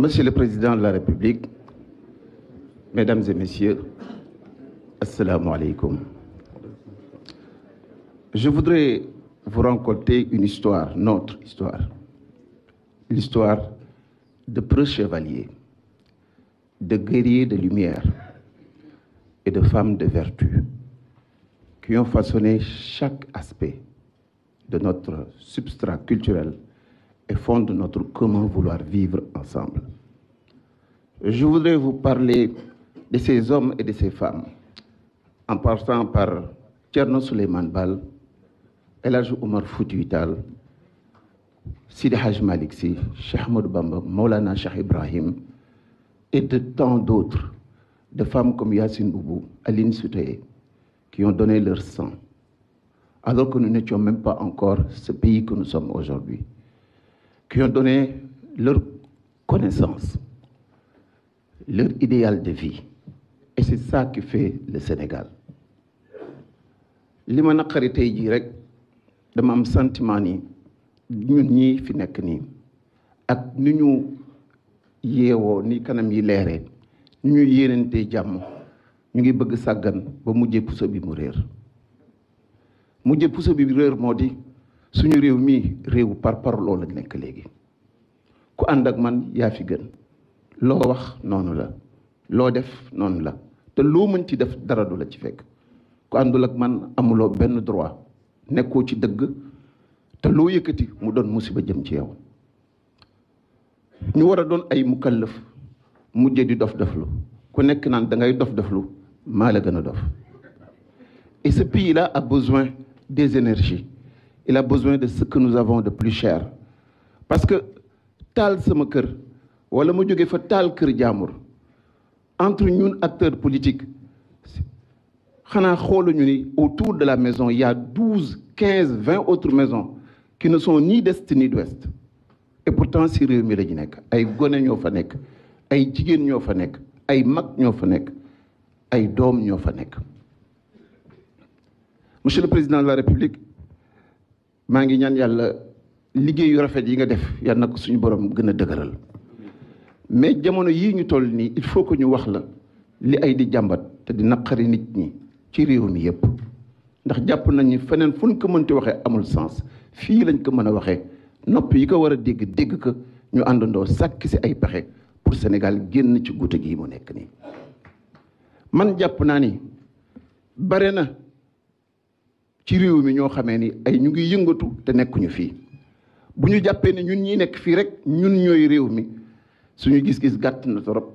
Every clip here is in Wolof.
Monsieur le Président de la République, Mesdames et Messieurs, Assalamu alaikum. Je voudrais vous raconter une histoire, notre histoire, l'histoire de preux chevaliers, de guerriers de lumière et de femmes de vertu qui ont façonné chaque aspect de notre substrat culturel et fondent notre comment vouloir vivre ensemble. Je voudrais vous parler de ces hommes et de ces femmes, en partant par Tcherno Suleiman Bal, Elaj Omar Foutuital, Sidi Haj Maliksi, Cheikh Bamba, Maulana Cheikh Ibrahim, et de tant d'autres, de femmes comme Yassine Boubou, Aline Soutaye, qui ont donné leur sang, alors que nous n'étions même pas encore ce pays que nous sommes aujourd'hui qui ont donné leur connaissance, leur idéal de vie. Et c'est ça qui fait le Sénégal. Ce que je rek dama sentiment nous sommes ak nous ñu ni kanam yi Nous nous sommes ba bi bi suñu réew mii réewu par par loolu lañ nekk léegi ku ànd ak man yaa fi gën loo wax noonu la loo def noonu la te loo mën ci def dara du la ci fekk ku àndul ak man amuloo benn droit nekkoo ci dëgg te loo yëkkati mu doon musiba jëm ci yow ñu war a doon ay mukallaf mujje di dof doflu ku nekk naan da ngay dof doflu maa la gën a dof et ce pays là a besoin des énergies il a besoin de ce que nous avons de plus cher parce que tal wala fa entre ñun acteurs politiques autour de la maison il y a 12, 15, 20 autres maisons qui ne sont ni d'est ni d'ouest et pourtant si mi ay gone fa nek ay fa nek ay fa monsieur le président de la république maa ngi ñaan yàlla liggéeyu rafet yi nga def yal na ko suñu borom gën a dëgëral mais jamono yii ñu toll nii il faut que ñu wax la li ay di jàmbat te di naqari nit ñi ci réew mi yépp ndax jàpp nañ ni feneen fu ñu ko mënti waxee amul sens fii lañ ko mën a waxee nopp yi ko war a dégg dégg ko ñu àndandoo sàkk si ay pexe pour Sénégal génn ci gute gii mu nekk nii man jàpp naa ni bare na. ci réew mi ñoo xamee ni ay ñu ngi yëngatu te nekkuñu fii bu ñu jàppee na ñun ñii nekk fii rek ñun ñooy réew mi suñu gis-gis gàtt na trop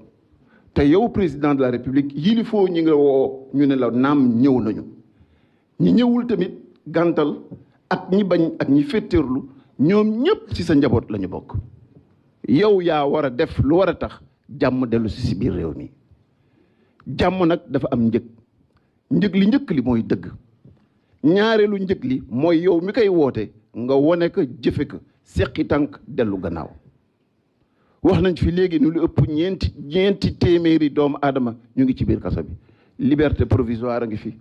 te yow président de la république yilifoo ñi nga woo ñu ne la naam ñëw nañu ñi ñëwul tamit gàntal ak ñi bañ ak ñi féttéerlu ñoom ñëpp ci sa njaboot la ñu bokk yow yaa war a def lu war a tax jàmm dellusi si biir réew mi jàmm nag dafa am njëg njëg li njëkk li mooy dëgg ñaareelu njëg li mooy yow mi koy woote nga wone ko jëfe ko seqi tànk dellu gannaaw wax nañ fi léegi nu lu ëpp ñeenti ñeenti téeméeri doomu aadama ñu ngi ci biir kaso bi liberté provisoire a ngi fi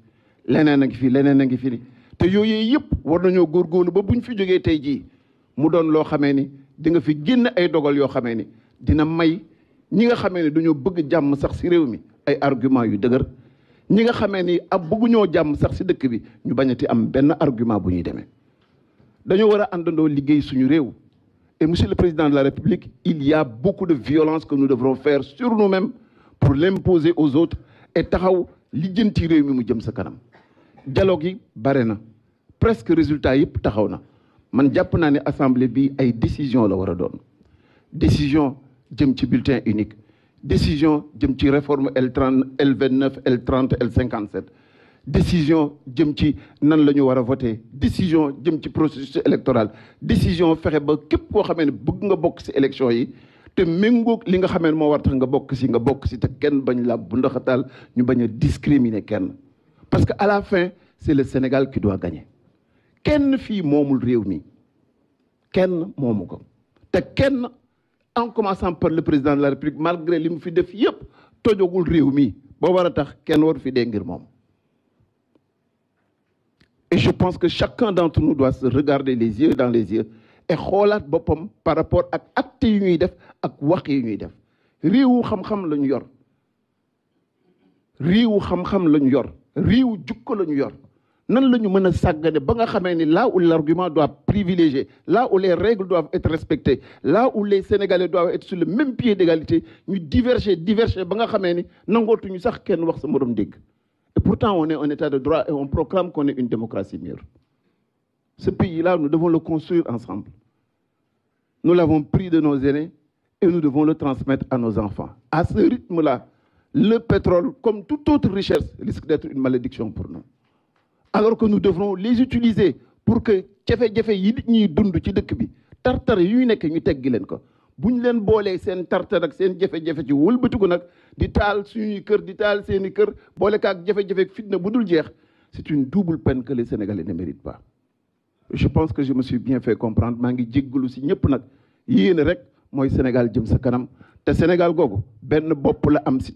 leneen a ngi fi leneen a ngi fi te yooyu yëpp war nañoo góor góorgóorlu ba bu ñu fi jógee tey jii mu doon loo xamee ni di nga fi génn ay dogal yoo xamee ni dina may ñi nga xamee ne dañoo bëgg jàmm sax si réew mi ay argument yu dëgër ñi nga xamé ni ab bëgguñoo jàmm sax ci dëkk bi ñu bañati am ben argument bu ñuy démé dañu wara a liggéey suñu réew et monsieur le président de la république il y a beaucoup de violence que nous devrons faire sur nous-mêmes pour l'imposer aux autres et taxaw jënti réew mi mu jëm sa kanam dialogue yi bare na presque résultat yëpp taxaw na man japp naa ni assemblée bi ay décision la war a doon décision jëm ci bulletin unique décision de ci réforme L30 L29 L30 L57 décision de ci nan la ñu voter décision jëm ci processus électoral décision fexe ba képp koo xamee ne bëgg nga bokk ci élection yi te méngoog li nga xamee ne moo war tax nga bok ci nga bok ci te kenn bañ la bu ndoxatal ñu bañ discriminer kenn parce que à la fin c'est le Sénégal qui doit gagner kenn fi momul réew mi kenn moomu ko te kenn en commençant par le président de la république malgré les qu'il fi def yëpp tojogul réew mi a tax kenn fi et je pense que chacun d'entre nous doit se regarder les yeux dans les yeux et se regarder par rapport ak acte yu ñuy def ak wax yu ñuy def réewu xam-xam la yor réewu xam-xam yor jukko la a yor nan lañu nous sagane là où l'argument doit privilégier là où les règles doivent être respectées là où les sénégalais doivent être sur le même pied d'égalité nous diverger diverger ba nga xamé ni nangootuñu sax kenn wax et pourtant on est en état de droit et on proclame qu'on est une démocratie mûre ce pays là nous devons le construire ensemble nous l'avons pris de nos aînés et nous devons le transmettre à nos enfants à ce rythme là le pétrole comme toute autre richesse risque d'être une malédiction pour nous alors que nous devrons les utiliser pour que jafe-jafe yi nit ñiy dund ci dëkk bi tartar yuy nekk ñu teggi leen ko bu ñu bolé boolee seen tartar ak seen jafe-jafe ci wëlbatiku nag di taal suñuy kër di taal seeni kër bolé ko ak jafe-jafe fitna bu dul c'est une double peine que les Sénégalais ne méritent pas. je pense que je me suis bien fait comprendre maa ngi jéggalu si ñëpp nag yéen rek mooy Sénégal jëm sa kanam te Sénégal googu benn bopp la am si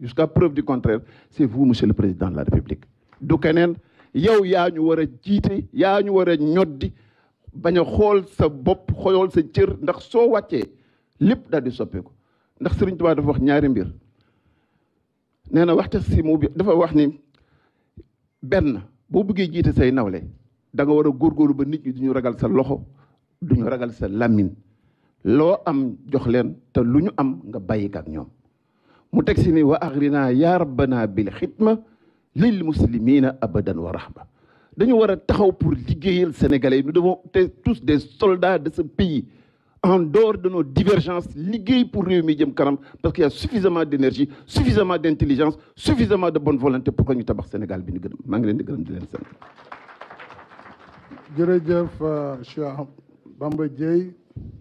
jusqu'à preuve du contraire c'est vous monsieur le président de la République du keneen. yow yaa ñu war a jiite yaa ñu war a ñoddi bañ a xool sa bopp xool sa cër ndax soo wàccee lépp daal di soppeeku ndax Sëriñ Tuubaa dafa wax ñaari mbir nee na waxta si mu bi dafa wax ni benn boo buggee jiite say nawle danga nga war a góorgóorlu ba nit ñi duñu ragal sa loxo duñu ragal sa làmmiñ loo am jox leen te lu ñu am nga bàyyi ak ñoom mu teg si ni wa axrinaa yaa rabbanaa bil xitma lil musulmans abadan wa rahma dañu wara taxaw pour liggéeyal sénégalais nous devons être tous des soldats de ce pays en dehors de nos divergences liguer pour réew djem karam parce qu'il y a suffisamment d'énergie suffisamment d'intelligence suffisamment de bonne volonté pour que ñu tabax Sénégal bi ni gërëm maa ngi di di sant euh, Cheikh Bamba